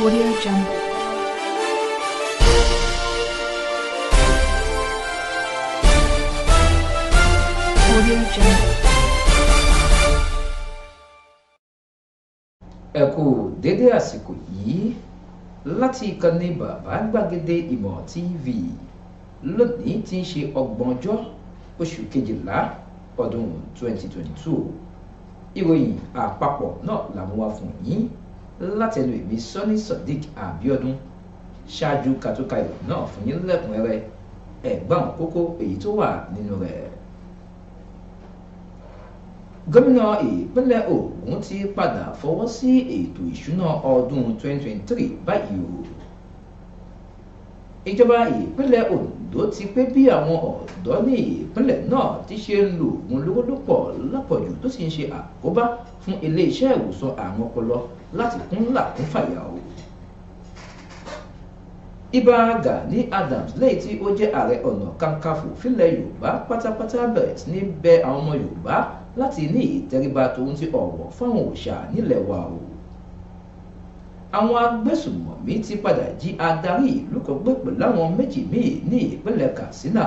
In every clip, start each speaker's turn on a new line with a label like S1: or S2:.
S1: Audio Jungle. Audio Jungle. ẹ kú dédé àsìkò yìí láti ìkànnì bàbá gbàgede ìmọ̀ tv lónìí tí ń ṣe ọgbọ̀njọ́ oṣù kejìlá ọdún 2022 ìròyìn àpapọ̀ náà làwọn wá fún yín látẹnu èmi sọ́ní sodiq abiodun ṣáájú katuka ìwà náà fún yín lẹ́kùnrẹ́rẹ́ ẹ̀gbọ́n kókó èyí tó wà nínú rẹ̀. gómìnà ìpínlẹ̀ Ògùn ti padà fọwọ́ sí ètò ìṣúná ọdún 2023 báyìí o ìjọba ìpínlẹ̀ Ondo ti pé bí àwọn ọ̀dọ́ ní ìpínlẹ̀ náà ti ṣe ń lo oògùn lówó lọ́pọ̀ lápọ̀jù tó sì ń ṣe àkóbá fún iléeṣẹ́ ìwòsàn àrùn ọpọlọ láti kún làkún fàyà o. Ìbà Gani Adams lẹ́yìn tí ó jẹ́ ààrẹ ọ̀nà kankafò fílẹ̀ Yorùbá pátápátá bẹ̀rẹ̀ sí ní bẹ àwọn ọmọ Yorùbá láti ní ìtẹríba tòun ti ọ̀wọ̀ fáwọn òòṣà nílẹ̀ wa o. Àwọn agbésùmọ̀mí ti padà jí adarí ìlú kan gbé pẹ̀lú àwọn méjì míì ní ìpínlẹ̀ Katsina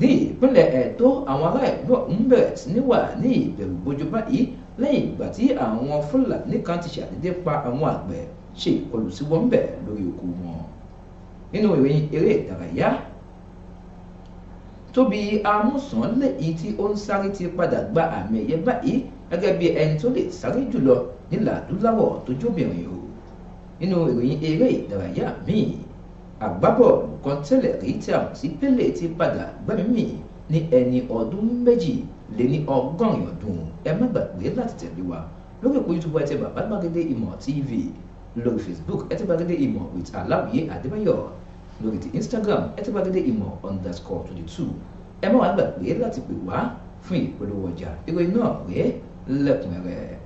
S1: ní ìpínlẹ̀ Ẹ̀dó àwọn ará ìlú ọ̀hún bẹ̀rẹ̀ sí ní wà ní ìbẹ̀rù bojo báyìí lẹ́yìn ìgbà tí àwọn fúlàní kan ti ṣàdédé pa àwọn àgbẹ̀ ṣe ìkọlù sí wọn bẹ̀ lórí oko wọn nínú ìròyìn eré ìdárayá tóbi amúsàn lẹ́yìn tí ó ń sáré ti padà gba àmì ẹ̀yẹ báyìí gẹ́gẹ́ bí ẹni tó lè sáré jùlọ nílà adúláwọ̀ tó jóbìnrin o nínú ìròyìn eré ìdárayá míì àgbábọ̀ọ̀lù kan tẹ́lẹ̀ rí tí a sí Pélé ti padà gbẹ́mìí ní ẹni ọdún méjì lé ní ọgọ́rin ọdún ẹ má gbàgbé láti tẹ̀lé wa lórí òpó youtube ẹ tẹ bàbá gbàgede ìmọ̀ tv lórí facebook ẹ tẹ gbàgede ìmọ̀ with aláwìyé adébáyọ̀ lórí ti instagram ẹ tẹ gbàgede ìmọ̀ underscore twenty two ẹ má wàá gbàgbé láti pè wá fún ìpolówó ọjà ìròyìn náà pé lẹ́kùnrẹ́rẹ́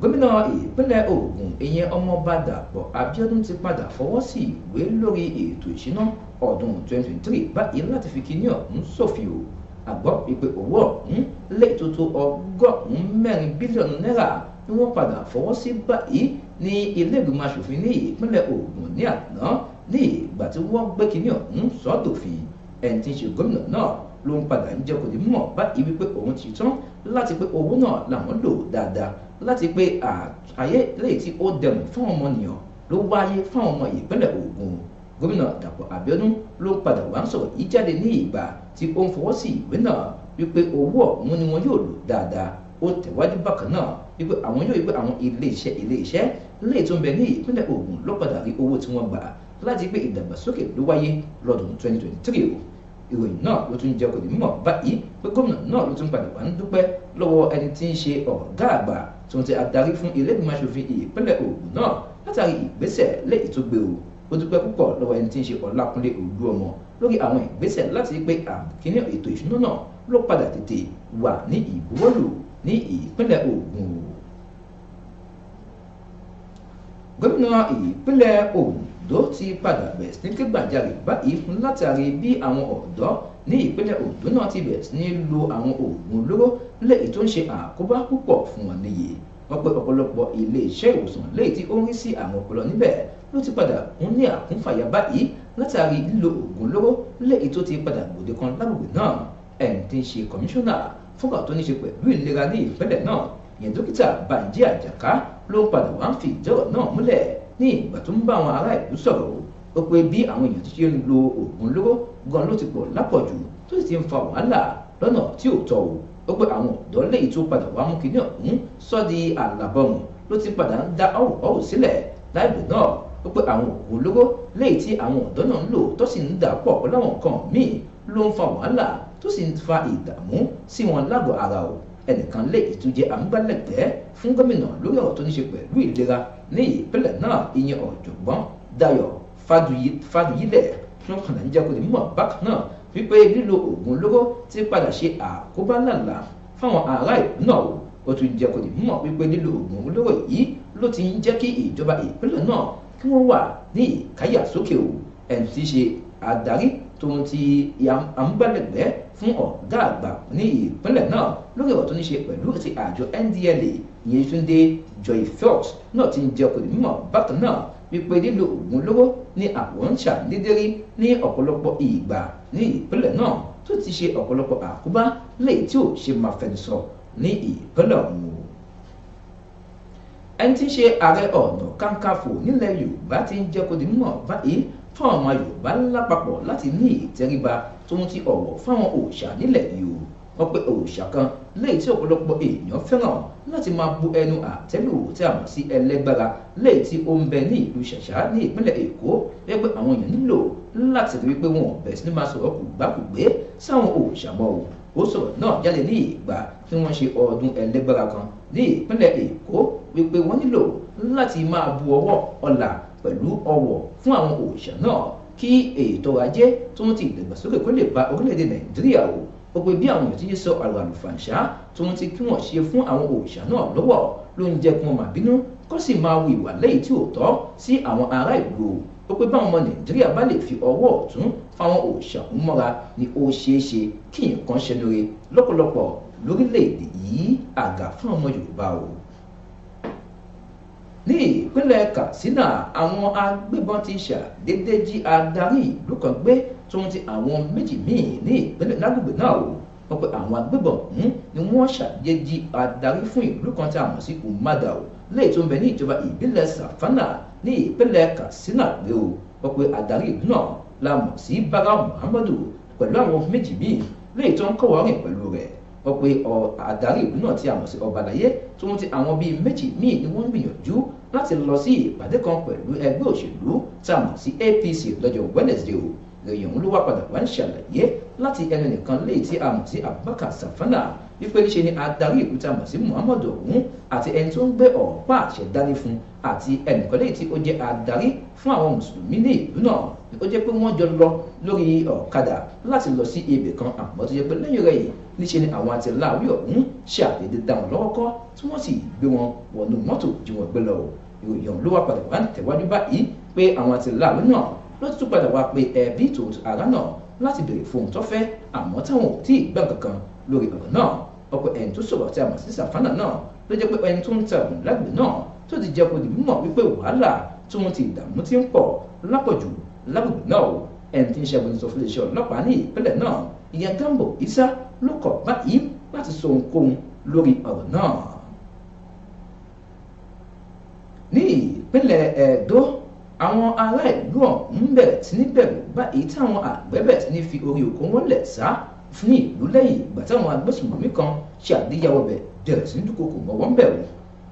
S1: gómìnà ìpínlẹ̀ Ògùn ìyẹn ọmọọba Dàpọ̀ Abíọ́dún ti padà fọwọ́ sí ìwé lórí ètò ìṣúná ọdún 2023 báyìí láti fi kíní ọ̀hún sófin o àgbọ́ ìpè owó ọ̀hún lé ìtótó ọgọ́rùn-ún mẹ́rin bílíọ̀nù náírà ni wọ́n padà fọwọ́ sí báyìí ní ilé ìgbìmọ̀ asòfin ní ìpínlẹ̀ Ògùn ní àná ní ìgbà tí wọ́n gbé kínní ọ̀hún sọ́dọ̀fin ẹni tí ń ṣe gómìnà náà ló ń padà ń jẹ́ kò ní mọ̀ báyìí wípé òun ti tán láti pé owó náà làwọn lò dáadáa láti pé ààyè lè tí ó dẹrùn fáwọn ọmọ nìyàn ló wáyé fáwọn ọmọ ìpínlẹ̀ Ògùn gómìnà dàpọ̀ abíọ́dún ló ń padà wá ń sọ̀rọ̀ yìí jáde ní ìgbà tí ó ń fọwọ́ sí ìwé náà wípé owó ọ̀hún ni wọn yóò lò dáadáa ó tẹ̀wájú bákan náà wípé àwọn yóò wípé àwọn iléeṣẹ́ iléeṣẹ́ lè tó ń bẹ ní ìpínlẹ̀ Ògùn ló rí owó tí wọ́n gbà láti gbé ìdàgbàsókè ló wáyé lọ́dún 2023 o ìròyìn náà ló tún jẹ́ kò ní báyìí pé gómìnà náà ló tún padà wá ń dúpẹ́ lọ́wọ́ ẹni tí ń ṣe ọ̀gá àgbà tó ń ti adarí fún ilé ìgbìmọ̀ aṣòfin ìpínlẹ̀ Ògùn náà látàrí ìgbésẹ̀ lé ìtúgbèrò ó dúpẹ́ púpọ̀ lọ́wọ́ ẹni tí ń ṣe Ọlákúnlé Olúọmọ lórí àwọn ìgbésẹ̀ láti pé àkíní ètò ìṣúná náà ló padà tètè wà ní ìbuwọ́lù ní ìpínlẹ̀ Ògùn gómìnà ìpínlẹ̀ Ondo ti padà bẹ̀rẹ̀ sí ní kígbàjarè báyìí fún látàrí bí àwọn ọ̀dọ́ ní ìpínlẹ̀ Ondo náà ti bẹ̀rẹ̀ sí ní lo àwọn oògùn olóró lẹ́yìn tó ń ṣe àkóbá púpọ̀ fún wọn níye wọ́n pé ọ̀pọ̀lọpọ̀ ilé iṣẹ́ ìwòsàn léyìí tí ó ń rí sí àwọn ọpọlọ níbẹ̀ ló ti padà ń ní àkúnfàyà báyìí látàrí lílo oògùn olóró léyìí tó ti padà gbòde kan lágbègbè náà ẹni tí ń ṣe kọmíṣánná fúnra tó ní ṣe pẹ̀lú ìlera ní ìpínlẹ̀ náà ìyẹn dókítà Bánjí Àjàká ló padà wá ń fi ìjọ́rọ̀ náà múlẹ̀ ní ìgbà tó ń bá àwọn ará ìlú sọ̀rọ̀ ó pé bí àwọn èèyàn ti ṣe ń lo oògùn olóró gan ló ti pọ̀ lápọ̀jù tó sì ti ń fa wàhálà lọ́nà tí ò tọ́ o ó pé àwọn ọ̀dọ́ léyìí tó padà wá mú kinní ọ̀hún sọ́ di àlàbọ̀mù ló ti padà ń dá ọ̀rọ̀ ọ̀rọ̀ sílẹ̀ láìpẹ́ náà ó pé àwọn òògùn olóró léyìí tí àwọn ọ̀dọ́ náà ń lò tó sì ń dà pọ̀ pẹ̀lú àwọn nǹkan míì ló ń fa wàhálà tó sì ń fa ìdààmú sí wọn lágọ̀ ara o ẹnìkan lé ìtújẹ àmúgbálẹ́gbẹ̀ẹ́ fún gómìnà lórí ọ̀rọ̀ tó ní ṣe pẹ̀lú ìlera ní ìpínlẹ̀ náà ìyẹn ọ̀jọ̀gbọ́n Dayọ̀ Faduyilẹ̀ ló kàn ń jẹ́ kó lè mọ̀ bákan náà wípé lílo oògùn olóró ti padà ṣe àkóbá lànà fáwọn ará ìlú náà o ó tún jẹ́ kó di mímọ̀ wípé lílo oògùn olóró yìí ló ti ń jẹ́ kí ìjọba ìpínlẹ̀ náà kí wọ́n wà ní ìkáyà sókè o ẹni tí í ṣe adarí tòun ti àmúgbálẹ́gbẹ́ fún ọ̀gá àgbà ní ìpínlẹ̀ náà lórí ọ̀rọ̀ ní ṣe pẹ̀lú ti àjọ NDLEA Yétúndé Joyfort náà ti ń jẹ́ kó di mímọ̀ bákan náà wípé lílo oògùn olóró ni àwọn ń ní ọ̀pọ̀lọpọ̀ ìgbà ní ìpínlẹ̀ náà tó ti ṣe ọ̀pọ̀lọpọ̀ àkóbá léyìí tí ò ṣe máa fẹnusọ ní ìpínlẹ̀ ọ̀hún ẹni tí ń ṣe ààrẹ ọ̀nà kankafò nílẹ̀ yorùbá ti ń jẹ́ kó di mímọ̀ báyìí fáwọn ọmọ yorùbá lápapọ̀ láti ní ìtẹríba tó ń ti ọ̀wọ̀ fáwọn òòṣà nílẹ̀ yìí wọ́n pe òòṣà kan léyìí tí ọ̀pọ̀lọpọ̀ èèyàn fẹ́ràn láti máa bu ẹnu àtẹ́lù tí a mọ̀ sí ẹlẹ́gbára léyìí tí ó ń bẹ ní ìlú ṣàṣà ní ìpínlẹ̀ èkó wípé àwọn èèyàn nílò láti rí wípé wọn ò bẹ̀rẹ̀ sí ní máa sọ̀rọ̀ kùgbàkùgbé sáwọn òòṣà mọ́ o ó sọ̀rọ̀ náà jáde ní ìgbà tí wọ́n ṣe ọdún ẹlẹ́gbára kan ní ìpínlẹ̀ èkó wípé wọ́n nílò láti máa bu ọwọ́ ọlà pẹ̀lú ọwọ̀ fún àwọn òòṣà náà kí ètò ajé tó ń ti ìdàgbàsókè kó lè ba orílẹ̀-èdè nàìjíríà o ó pé bí àwọn òtíyé sọ ọ̀rọ̀ àlùfàǹṣá tóun ti kí wọ́n ṣe fún àwọn òòṣà náà lọ́wọ́ ló ń jẹ́ kí wọ́n máa bínú kó sì máa wu ìwà lẹ́yìn tí ò tọ́ sí àwọn ará ìlú ó báwọn ọmọ nàìjíríà bá lè fi ọwọ́ ọ̀tún fáwọn òòṣà ń mọ́ra ni ó ṣeé ṣe kí nǹkan ṣe lóore lọ́pọ̀lọpọ̀ lórílẹ̀ yìí àgà fún ọmọ yorùbá o ní ìpínlẹ̀ katsina àwọn agbébọn ti ṣàdédé jí adarí ìlú kan gbé tó ń ti àwọn méjì míì ní ìpínlẹ̀ lágbègbè náà wò wọ́n pe àwọn agbébọn ọ̀hún ni wọ́n ṣàjèjì adarí fún ìlú kan tí a mọ̀ sí umadau léè tó ń bẹ ní ìjọba ìbílẹ̀ safana ní ìpínlẹ̀ katsina pé o wọ́n pe adarí ìlú náà la mọ̀ sí bara muhammadu pẹ̀lú àwọn méjì míì léè tó ń kọ̀wọ́ rìn pẹ̀lú rẹ̀ wọ́n pe adarí ìlú náà tí a mọ̀ sí ọbalayé tó ń ti àwọn bíi méjì míì ni wọ́n ń gbìyànjú láti lọ sí ìpàdé kan pẹ̀lú ẹgbẹ́ òṣèlú tá a mọ̀ sí apc lọ́jọ́ wednesday o ìròyìn ọ̀hún ló wá padà wá ń ṣàlàyé láti ẹnu nìkan léyìí tí a mọ̀ sí Abubakar Safana wípé níṣe ni adarí ìlú tá a mọ̀ sí Muhammadu ọ̀hún àti ẹni tó ń gbé ọ̀pá àṣẹ dání fún àti ẹnìkan léyìí tí ó jẹ́ adarí fún àwọn mùsùlùmí ní ìlú náà ó jẹ́ pé wọ́n jọ lọ lórí ọ̀kadà láti lọ sí ibì kan àmọ́ tó jẹ́ pé lẹ́yìn rẹ̀ yìí níṣe ni àwọn àtìláwí ọ̀hún ṣàdédé dá wọn lọ́wọ́ tí wọ́n sì gbé wọn wọnú mọ́tò jí wọn gbé lọ ìròyìn ọ̀hún ló wá padà wá tẹ̀wájú báyìí pé àwọn àtìláwí náà ló ti tún padà wá pé ẹbí tòótọ́ àrá náà láti béèrè fún ohun tó fẹ́ àmọ́ táwọn ò tí ì gbọ́n kankan lórí ọ̀rọ̀ náà ọkọ̀ ẹni tó sọ̀rọ̀ tí a mọ̀ sí sàfánà náà ló jẹ́ pé ẹni tó ń ta ògùn lágbè náà tó ti jẹ́ kó di mímọ̀ wípé wàhálà tó ń ti ìdààmú ti ń pọ̀ lápọ̀jù lágbègbè náà ẹni tí ń ṣe àgbẹnusọ fún iléeṣẹ́ ọlọ́pàá ní ìpínlẹ̀ náà ìyẹn Gambo Isa ló kọ̀ báyìí láti sọ ohunkóhun lórí ọ̀rọ̀ náà ní ìpínlẹ̀ Ẹdó àwọn ará ìlú ọ̀hún bẹ̀rẹ̀ sí ní bẹ̀rù báyìí táwọn àgbẹ̀ bẹ̀rẹ̀ sí ní fi orí òkú wọn lẹ̀ sá fún ìlú lẹ́yìn ìgbà táwọn agbésùnmọ̀mí kan ṣe àgbéyàwó bẹ̀ bẹ̀rẹ̀ sí ní dúkokò mọ́ wọn bẹ̀rù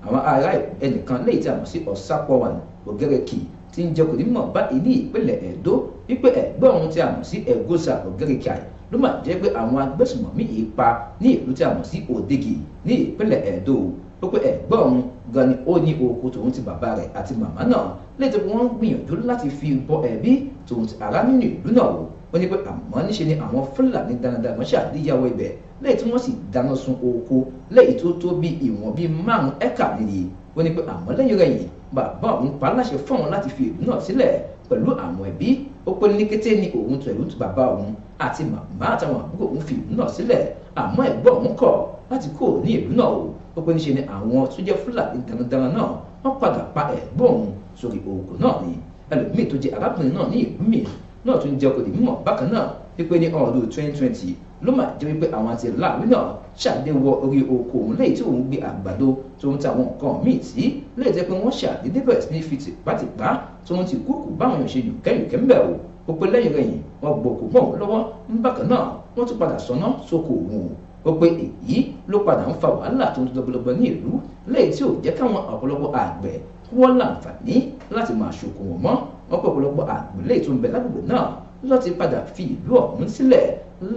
S1: àwọn ará ẹnìkan lẹ́yìn tí a mọ̀ sí ọ̀sápọ̀wàn ògẹ́rẹ́kì tí ń jẹ́ kò ní mọ̀ báyìí ní ìpínlẹ̀ Ẹdó wípé ẹ̀gbọ́n òun tí a mọ̀ sí ẹ̀gọ́sà ògẹ́rẹ́kì àyè ló máa jẹ́ pé àwọn agbésùnmọ̀mí yìí pa ní ìlú tí a mọ̀ sí Òdegì ní ìpínlẹ̀ Ẹdó ó pé ẹ̀gbọ́n òun gan ni ó ní oko tòun ti bàbá rẹ̀ àti màmá náà léètò pé wọ́n ń gbìyànjú láti fi bọ ẹ̀bí tòun ti ará nínú ìlú náà wò ó ní pé àmọ́ níṣe ni àwọn fúlàní darandaran wọ́n ṣàdíyàwó ibẹ̀ lẹ́yìn wọ́n sì dáná sun oko lẹ́yìn tó tó bí ìwọ̀n bíi márùn-ún ẹ̀ka nìyí ó ní pé àmọ́ lẹ́yìn rẹ̀ yìí bàbá òun pa láṣẹ fún òun láti fi ìlú náà sílẹ̀ pẹ̀lú àwọn ẹbí ó pé ní kété ni òun tó ìlú tó bàbá òun àti màmá àtàwọn àbúrò òun fi ìlú náà sílẹ̀ àmọ́ ẹ̀gbọ́n òun kọ̀ láti kó ní ìlú náà o ó pé níṣe ni àwọn tó jẹ́ fúlàní darandaran náà wọ́n padà pa ẹ̀gbọ́n òun sórí oògùn náà ni ẹlòmíì tó jẹ́ arákùnrin náà ní ìlú mi náà tún jẹ́ kó mímọ̀ bákan náà wípé ní ọdún 2020 ló máa jẹ́ wípé àwọn àti láàrin náà ṣàdéwọ orí oko òun lẹ́yìn tí òun gbé àgbàdo tó ń ta àwọn nǹkan míì sí lẹ́yìn tẹ́ pé wọ́n ṣàdédé bẹ̀rẹ̀ sí ní fi tìpátìpá tó ń ti kúkú báwọn èèyàn ṣe yùkẹ́yùkẹ́ ń bẹ̀ o ó pé lẹ́yìn rẹ̀yìn wọ́n gbòkó bọ̀ wọ́n lọ́wọ́ ń bákan náà wọ́n tún padà sọná sóko òun ó pé èyí ló padà ń fa wàhálà tó ń dọgbọlọgbọ ní ìlú léyìí tí ò jẹ́ káwọn ọ̀pọ̀lọpọ̀ àgbẹ̀ wọ́n láǹfààní láti máa ṣòkò wọn mọ́ wọn pọ̀ ọ̀pọ̀lọpọ̀ àgbẹ̀ léyìí tó ń bẹ lágbègbè náà láti padà fi ìlú ọ̀hún sílẹ̀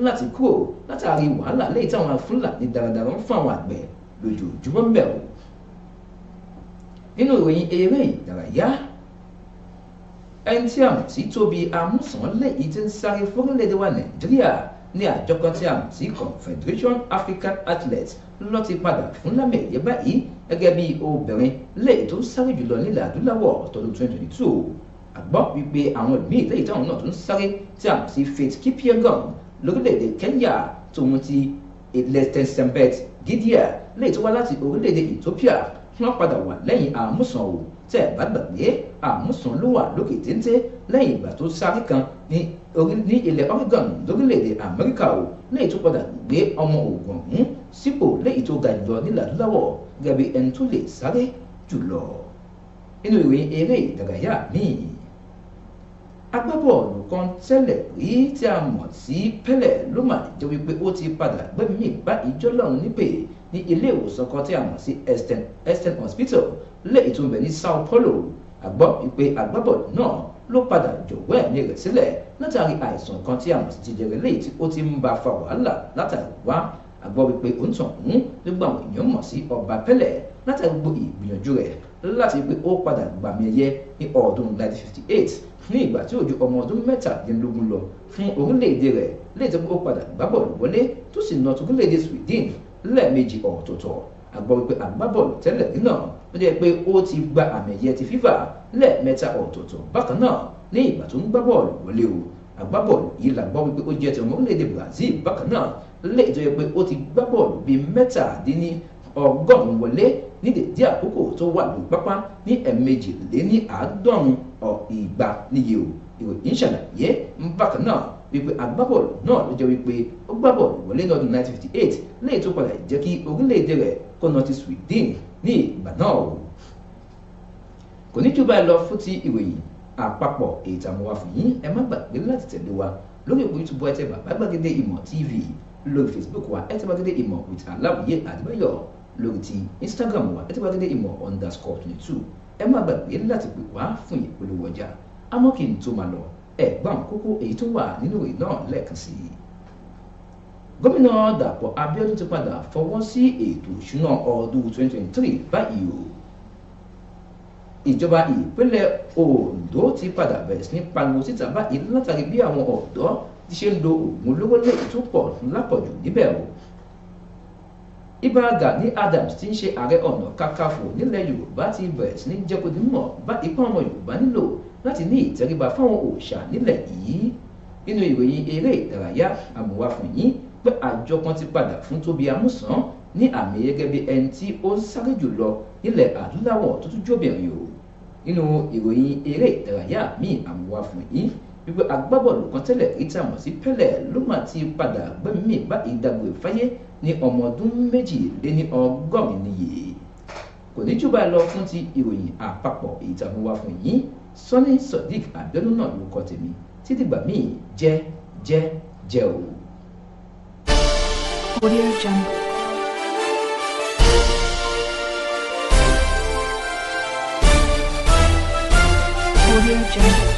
S1: láti kúrò látàrí wàhálà léyìí táwọn Fúlàní darandaran ń fún àgbẹ̀ lójoojúmọ́ ń bẹ̀ nínú ìròyìn eré ìdárayá ẹni tí a mọ̀ sí Tóbi Amúsàn léyìí ti ń sáré fórílẹ̀ Nàìjíríà ní àjọ kan tí a mọ̀ sí Confederation African Athletes ló ti padà fún lámì ẹ̀yẹ báyìí gẹ́gẹ́ bí obìnrin léè tó sáré jùlọ nílẹ̀ adúláwọ̀ tọdún 2022 àgbọ̀ wípé àwọn ìmí ìlẹ́yìí táwọn náà tó ń sáré tí a mọ̀ sí Faith Kipyegon lórílẹ̀‐èdè Kenya tòun ti Letesenbet Gideon léè tó wá láti orílẹ̀‐èdè Ethiopia wọ́n padà wà lẹ́yìn àmúsàn o tẹ́ ẹ̀ bá gbàgbé àmúsàn ló wà lókè téńté lẹ́yìn ìgbà tó sáré kan ní ní ilẹ̀ Oregon lórílẹ̀‐èdè Amẹ́ríkà o lẹ́yìn tó padà gbé ọmọ ogun ọ̀hún sípò lẹ́yìn tó ga jùlọ nílẹ̀ adúláwọ̀ gẹ́gẹ́ bí ẹni tó lè sáré jùlọ nínú ìròyìn eré ìdárayá míì agbábọ́ọ̀lù kan tẹ́lẹ̀ rí tí a mọ̀ sí Pẹ́lẹ̀ ló mà jẹ́ wípé ó ti padà gbẹ́mìí bá ìjọ lọ́run nípè ní ilé ìwòsàn kan tí a mọ̀ sí Eastern Hospital lẹ́yìn tó ń bẹ ní Sao Paulo àgbọ̀ wípé agbábọ́ọ̀lù náà ló padà jọ̀wọ́ ẹ̀mí rẹ̀ sílẹ̀ látàrí àìsàn kan tí a mọ̀ sí jẹjẹrẹ léyìí tí ó ti ń ba fa wàhálà látàrí wá àgbọ̀ wípé ó ń tàn mú nígbà àwọn èèyàn mọ̀ sí ọba pẹ́lẹ̀ látàrí gbogbo ìgbìyànjú rẹ̀ láti pé ó padà gbàmì ẹ̀yẹ ní ọdún 1958 ní ìgbà tí ó ju ọmọ ọdún mẹ́tàdínlógún lọ fún orílẹ̀-èdè rẹ̀ léyìí tí ó padà gbábọ̀lù wọlé tó sì nà tó orílẹ̀ Sweden lẹ́ẹ̀mejì ọ̀tọ̀ọ̀tọ̀ àgbọ̀ wípé àgbábọ̀lù tẹ́lẹ̀ náà ó jẹ́ pé ó ti gba àmì ẹ̀yẹ ti fífà lẹ́ẹ̀mẹ́ta ọ̀tọ̀ọ̀tọ̀ bákan náà ní ìgbà tó ń gbá bọ́ọ̀lù wọlé o agbábọ́ọ̀lù yìí là ń gbọ́ wípé ó jẹ́ ti ọmọ orílẹ̀-èdè Brazil bákan náà lẹ́yìn tó yẹ pé ó ti gbá bọ́ọ̀lù bíi mẹ́tàdínní ọgọ́rùn-ún wọlé ní dèdí àkókò tó wà lórí pápá ní ẹ̀ẹ̀mejì lé ní àádọ́rùn-ún ìgbà níye o ìròyìn ṣàlàyé bákan náà wípé agbábọ́ọ̀lù náà ló jẹ́ wípé ó gbá bọ́ọ̀lù wọlé lọ́dún 1958 lẹ́yìn tó padà jẹ́ kí orílẹ̀-èdè rẹ̀ kọ́nà ti Sweden ní ìgbà náà o kò ní jù báyìí lọ fún ti ìròyìn àpapọ̀ ètò àmúwá fún yín ẹ má gbàgbé láti tẹ̀lé wa lórí ìpò YouTube ẹ tẹ bàbá gbàgede ìmọ̀ TV lórí Facebook wa ẹ tẹ gbàgede ìmọ̀ with Aláwìyé Adébáyọ̀ lórí ti Instagram wa ẹ tẹ gbàgede ìmọ̀ underscore twenty two ẹ má gbàgbé láti pè wá fún ìpolówó ọjà amókè ń tó máa lọ ẹ̀gbọ́n kókó èyí tó wà nínú ìwé náà lẹ́ẹ̀kan sí i gómìnà dàpọ̀ abíọ́dún ti padà fọwọ́ sí ètò ìṣúná ọdún 2023 báyìí o ìjọba ìpínlẹ̀ Ondo ti padà bẹ̀rẹ̀ sí ní pariwo síta báyìí látàrí bí àwọn ọ̀dọ́ ti ṣe ń lo oògùn olóró lé ìtúpọ̀ lápọ̀jù níbẹ̀ o Ìbà Gani Adams ti ń ṣe ààrẹ ọ̀nà kakafò nílẹ̀ Yorùbá ti bẹ̀rẹ̀ sí ní jẹ́ kó di mọ̀ bá ipá ọmọ Yorùbá nílò láti ní ìtẹríba fáwọn òòṣà nílẹ̀ yìí nínú ìròyìn eré ìdárayá àmúwáfún pé àjọ kan ti padà fún Tóbi Amúsàn ní àmì gẹ́gẹ́ bí ẹni tí ó ń sáré jùlọ nílẹ̀ adúláwọ̀ tó tún jóbìnrin o nínú ìròyìn eré ìdárayá míì àmúwá fún yín wípé agbábọ́ọ̀lù kan tẹ́lẹ̀ rí tá a mọ̀ sí Pẹ́lẹ̀ ló mà ti padà gbẹ́mí bá ìdágbére fáyé ní ọmọ ọdún méjìléní ọgọ́rin nìyí kò ní jù báyìí lọ fún ti ìròyìn àpapọ̀ ìtàmúwá fún yín Sọ́ni Sodiq Abiodun náà ló kọ tèmi títí gbà míì jẹ́ jẹ́ jẹ́ òun. Audio Jungle. Audio Jungle.